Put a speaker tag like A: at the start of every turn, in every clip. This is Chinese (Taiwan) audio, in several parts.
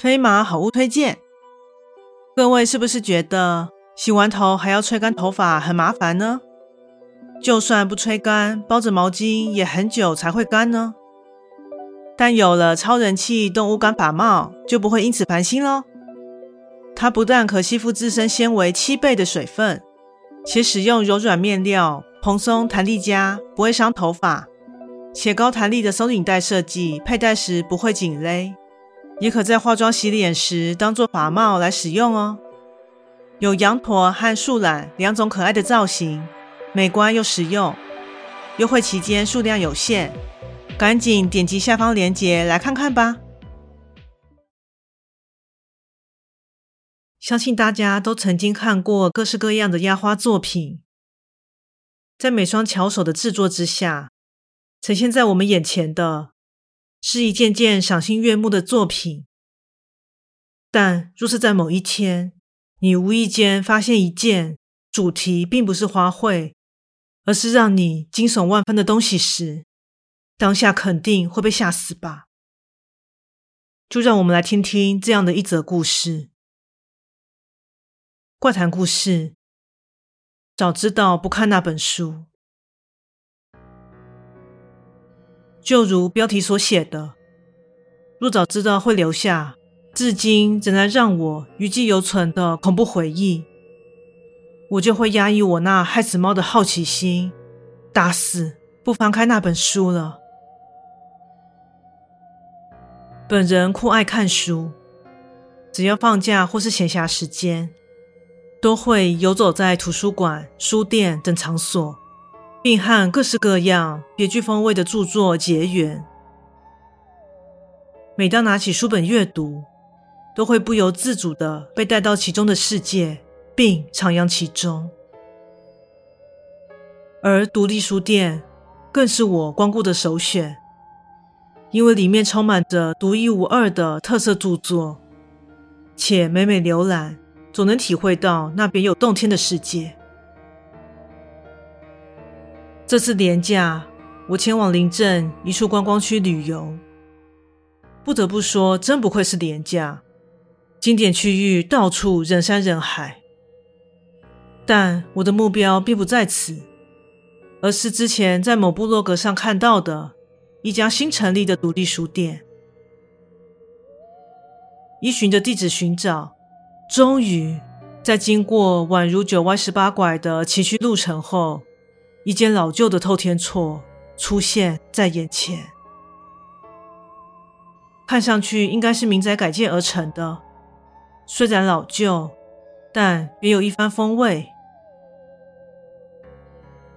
A: 飛馬好物推薦，各位是不是覺得洗完頭還要吹乾頭髮很麻煩呢？就算不吹乾，包着毛巾也很久才會乾呢？但有了超人氣動物乾髮帽，就不會因此煩心咯。它不但可吸附自身纖維七倍的水分，且使用柔軟麵料，蓬鬆彈力佳，不會傷頭髮，且高彈力的鬆緊帶設計，佩戴時不會緊勒。也可在化妝、洗臉時當作髮帽來使用哦。有羊駝和樹懶兩種可愛的造型，美觀又實用。優惠期間，數量有限，趕緊點擊下方鏈接來看看吧。相信大家都曾經看過各式各樣的壓花作品，在每雙巧手的制作之下，呈現在我們眼前的，是一件件賞心悅目的作品，但若是在某一天，你無意間發現一件主題並不是花卉，而是讓你驚悚萬分的東西時，當下肯定會被嚇死吧？就讓我們來聽聽這樣的一則故事。怪談故事：早知道不看那本書。就如標題所寫的，若早知道會留下至今仍然讓我餘悸猶存的恐怖回憶，我就會壓抑我那害死貓的好奇心，打死不翻開那本書了。本人酷愛看書，只要放假或是閒暇時間，都會遊走在圖書館、書店等場所。並和各式各樣別具風味的著作結緣。每當拿起書本閱讀，都會不由自主地被帶到其中的世界，並徜徉其中。而獨立書店更是我光顧的首選，因為裡面充滿着獨一無二的特色著作，且每每瀏覽，總能體會到那別有洞天的世界。這次年假，我前往林鎮一處觀光區旅遊。不得不說，真不愧是年假，景點區域到處人山人海。但我的目標並不在此，而是之前在某部落格上看到的一家新成立的獨立書店。依循着地址尋找，終於在經過宛如九彎十八拐的崎嶇路程後。一間老舊的透天厝出現在眼前，看上去應該是民宅改建而成的。雖然老舊，但別有一番風味。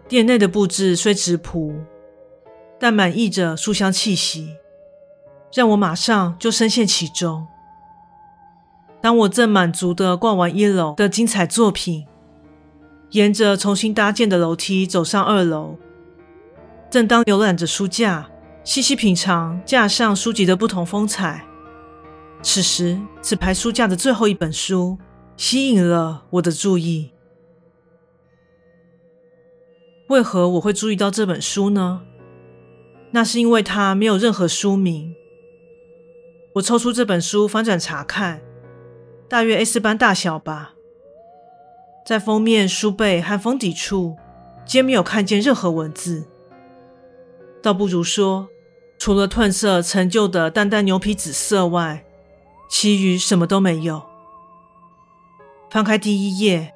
A: 店內的布置雖質樸，但滿溢着書香氣息，讓我馬上就深陷其中。當我正滿足地逛完一樓的精彩作品，沿着重新搭建的樓梯走上二樓，正當瀏覽着書架，細細品嘗架上書籍的不同風采，此時此排書架的最後一本書吸引了我的注意。為何我會注意到這本書呢？那是因為它沒有任何書名。我抽出這本書，翻轉查看，大約 A4 般大小吧。在封面、書背和封底處，皆沒有看見任何文字。倒不如說，除了褪色陳舊的淡淡牛皮紙色外，其餘什麼都沒有。翻開第一頁，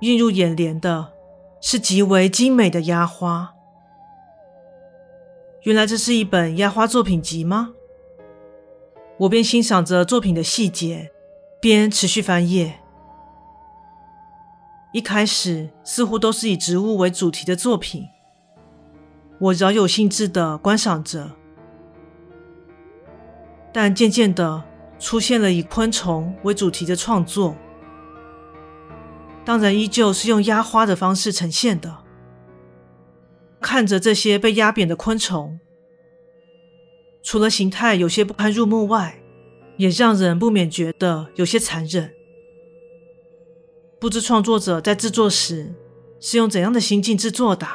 A: 映入眼簾的是極為精美的壓花。原來這是一本壓花作品集嗎？我邊欣賞着作品的細節，邊持續翻頁。一開始似乎都是以植物為主題的作品，我饒有興致地觀賞着，但漸漸地出現了以昆蟲為主題的創作，當然依舊是用壓花的方式呈現的。看着這些被壓扁的昆蟲，除了形態有些不堪入目外，也讓人不免覺得有些殘忍。不知創作者在製作時是用怎樣的心境製作的？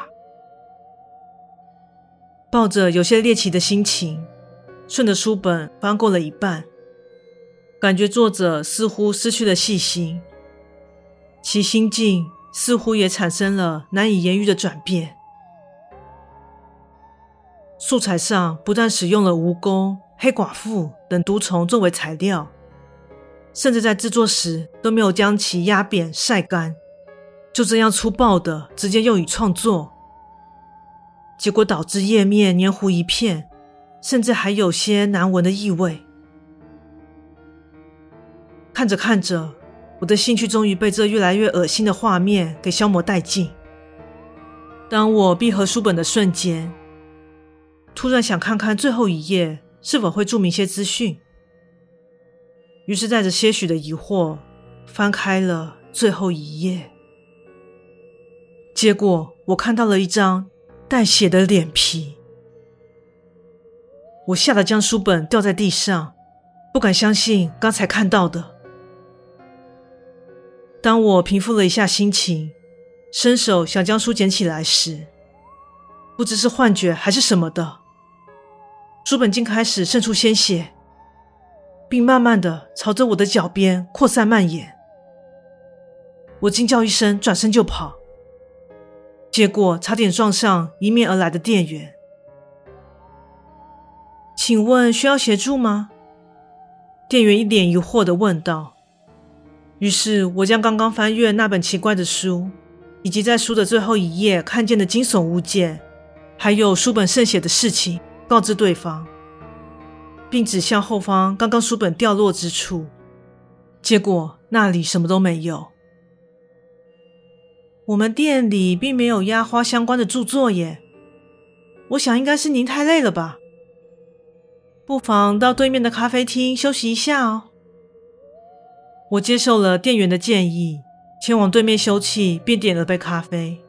A: 抱着有些獵奇的心情，順着書本翻過了一半，感覺作者似乎失去了細心，其心境似乎也產生了難以言喻的轉變。素材上不但使用了蜈蚣、黑寡婦等毒蟲作為材料。甚至在製作時都沒有將其壓扁、曬乾，就這樣粗暴的直接用於創作，結果導致頁面黏糊一片，甚至還有些難聞的異味。看着看着，我的興趣終於被這越來越噁心的畫面給消磨殆盡。當我閉合書本的瞬間，突然想看看最後一頁是否會註明一些資訊。於是，帶着些許的疑惑，翻開了最後一頁。結果，我看到了一張帶血的臉皮。我嚇得將書本掉在地上，不敢相信剛才看到的。當我平復了一下心情，伸手想將書撿起來時，不知是幻覺還是什麼的，書本竟開始滲出鮮血。並慢慢的朝着我的腳邊擴散蔓延，我驚叫一聲，轉身就跑，結果差點撞上迎面而來的店員。請問需要協助嗎？店員一臉疑惑的問道。於是，我將剛剛翻閱那本奇怪的書，以及在書的最後一頁看見的驚悚物件，還有書本滲血的事情告知對方。並指向後方剛剛書本掉落之處，結果那裡什麼都沒有。我們店裡並沒有壓花相關的著作耶。我想應該是您太累了吧，不妨到對面的咖啡廳休息一下哦。我接受了店員的建議，前往對面休憩，便點了杯咖啡。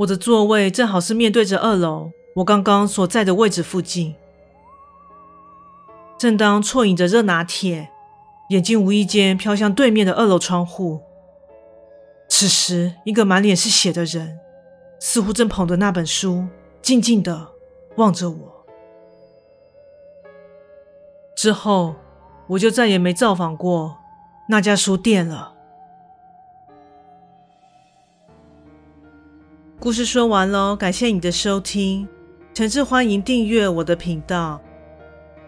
A: 我的座位正好是面對着二樓，我剛剛所在的位置附近。正當啜飲着熱拿鐵，眼睛無意間飄向對面的二樓窗戶，此時一個滿臉是血的人，似乎正捧着那本書，靜靜的望着我。之後我就再也沒造訪過那家書店了。故事說完囉，感謝你的收聽，誠摯歡迎訂閱我的頻道。